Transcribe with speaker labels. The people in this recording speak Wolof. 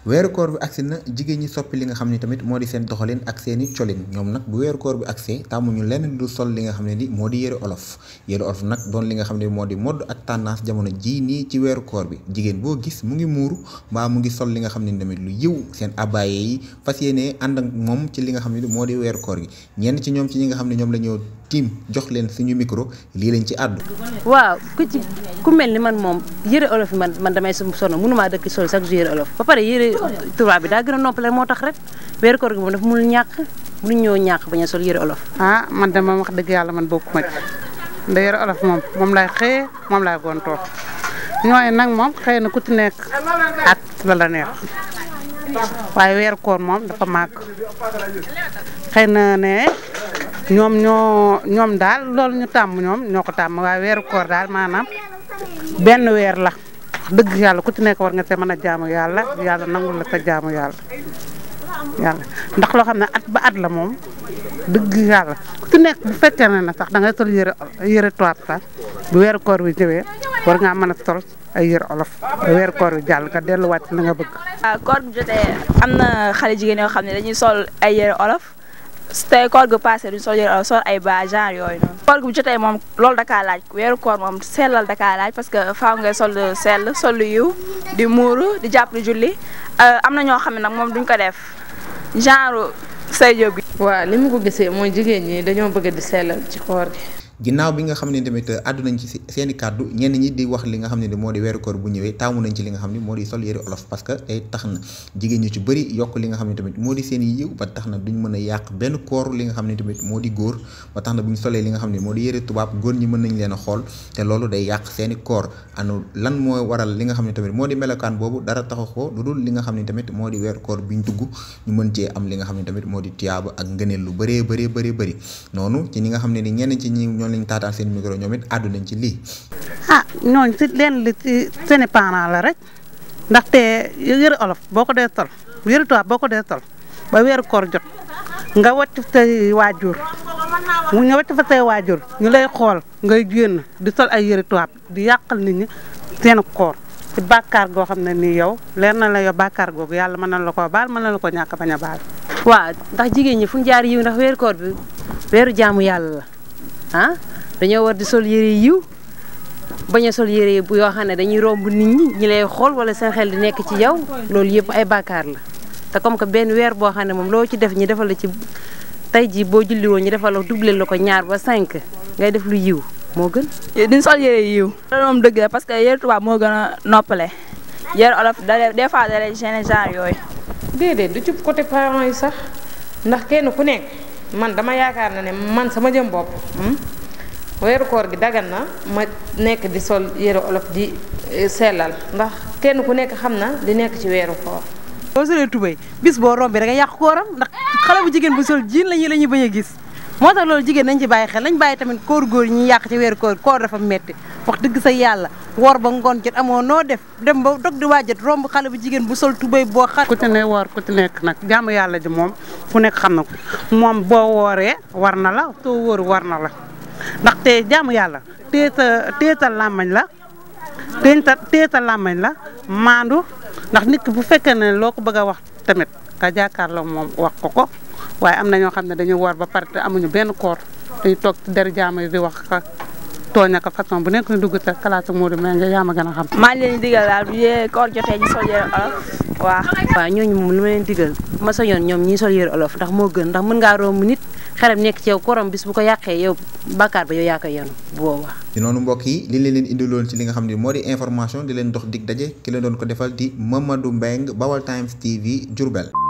Speaker 1: weeru koor bi agsi na jigéen ñi soppi li nga xam ne tamit moo di seen doxalin ak seeni colin ñoom nag bu weeru koor bi agsee tàmmuñu lenn du sol li nga xam ne ni moo di yëre olof modd ak tendance jamono jii nii ci weeru koor bi jigéen boo gis mu ngi muuru mbaa mu ngi sol li nga xam ni li moo di weeru koor gi ñenn ci ñoom ci ñi nga xam ne ñoom la ñoo tiim jox leen suñu micro lii lañ ci àddu
Speaker 2: waaw ku mel ni man moom yëre olof yi man damay sonn mënumaa dëkk sol chaque tey tubaab bi daa gën a noppale moo tax rek weeru koor gi moom daf mënul ñàkk mënuñ ñoo ñàkk bañ a sol yëre olof. ah man de moom wax dëgg yàlla man bokkuma ci
Speaker 3: nda yëre olof moom moom lay xëye moom laay gontoo ñooy nag moom xëy na ku ci nekk at la la neex waaye weeru koor moom dafa màgg xëy na ne ñoom ñoo ñoom daal loolu ñu tàmm ñoom ñoo ko tàmm waaye weeru koor daal maanaam benn weer la. dëgg yàlla ku ci nekk war nga see mën a jaamu yàlla yàlla nangul la sa jaamu yàlla yàlla ndax loo xam ne at ba at la moom dëgg yàlla ku ci nekk bu fekkee ne na sax da ngay sol yëre yëre tubaab sax bu weeru koor bi ñëwee war ngaa mën a sol ay yër olof weer koor bi jàll nga delluwaat na nga bëgg.
Speaker 2: waaw ah, koor jotee am na xale jigéen yoo xam ne dañuy sol ay yëre olof. tey koor gu passé duñ sol sol ay ba genre yooyu noonu koor gu jotee moom loolu daka laaj weeru koor moom sellal dakaa laaj parce que faaw ngay sol sell sol lu yiw di muuru di jàpp di julli euh, am na ñoo xam ne nag moom duñ ko def genre say jóg bi waaw li mu ko gisee mooy jigéen ñi dañoo bëgg di sellal ci koor gi
Speaker 1: ginnaaw bi nga xam ne tamit àddu nañ ci seeni kàddu ñenn ñi di wax li nga xam ne moo di weeru koor bu ñëwee moo di sol yëre tax na jigéen ñi ci bëri yokk li nga xam ne tamit moo di seen ba tax na duñ mën a yàq benn koor li nga xam ne tamit moo di góor na bu ñu solee li nga xam ne moo di yëre tubaab góor ñi mën nañ leen xool te loolu day yàq seeni koor anu lan moo waral li nga xam ne tamit moo di melokaan boobu dara taxu ko lu dul li nga xam ne tamit moo di weeru koor biñ dugg mën cee am li nga xam ne tamit moo di tiyaaba ak ngëneel lu bëree bëree bëri bëri noonu ci ñi nga xam ne ni ñenn ci ñi mënoon nañ taataan seen micro ñoom it àddu nañ ci lii.
Speaker 3: ah ñooñ si leen li ci seen i parents la rek ndaxte yëre olof boo ko dee sol yëre tubaab boo ko dee sol ba weeru koor jot nga wàcc say waajur mu nga wàcc fa say waajur ñu lay xool ngay génn di sol ay yëre tubaab di yàqal ni ñi seen koor. ci bàkkaar goo xam ne nii yow leer na la yow bàkkaar googu yàlla mën na la ko baal mën na la ko ñàkk bañ a baal.
Speaker 2: waaw ndax jigéen ñi fu ñu yiw ndax weeru koor bi weeru jaamu yàlla la ah dañoo war di sol yére yiw bañ a sol yére yi yoo xam ne dañuy romb nit ñi ñi lay xool wala seen xel di nekk ci yow loolu yëpp ay bàkkaar la te comme que benn weer boo xam ne moom loo ci def ñi defal la ci tey jii boo julli woon ñu defal la doublé la ko ñaar ba cinq ngay def lu yiw moo gën. di sol yére yiw. loolu moom dëgg la parce que yére tubaab moo gën a noppale yére olof da des fois da yooyu. déedéet du ci côté parents yi sax ndax kenn ku nekk. man dama yaakaar na ne man sama jëm bopp hmm, weeru koor gi dagan na ma nekk di sol yére olof di eh, sellal ndax kenn ku nekk xam na di nekk ci weeru koor boo solee tubéy bis boo rombee da nga yàq kooram ndax xale bu jigéen bu sol jiin lañuy la ñuy bañ a gis moo tax loolu jigéen nañ ci bàyyi xel nañ bàyyi tamit kóor góor ñi yàq ci weeru koor koor dafa metti wax dëgg sa yàlla woor ba ngoon jot amoo noo def dem ba dog di waajat romb xale bu jigéen bu sol tubéy boo xat ku ci ne woor ku ci nekk nag jaamu yàlla ji moom
Speaker 3: ku nekk xam na ko moom boo wooree war na la soo wóoru war na la ndaxte jaamu yàlla teeta teeta làmmañ la teeta teeta làmmañ la maandu ndax nit ki bu fekkee ne loo ko bëgg a wax tamit nga jàkkaarloo moom wax ko ko waaye am na ñoo xam ne dañuy woor ba pare te amuñu benn koor dañu toog ci der jaamay di wax ka tooñ ak façon bu nekk dugg te kalaatu Modou Mbengue yaa ma gën xam. maa ngi leen di digal daal bu
Speaker 2: yee koor jotee ñu sol yére ma leen digal ma soñoon ñoom ñi sol yére olof ndax moo gën ndax mën ngaa romb nit xelam nekk ci yow korom bis bu ko yàqee yow bàkkaar ba yow yaa koy yenu
Speaker 1: bu boobaa. noonu mbokk yi li leen leen indiloon ci li nga xam ne moo di information di leen dox dig daje ki leen doon ko defal di Mamadou Mbengue Bawal Times TV Diourbel.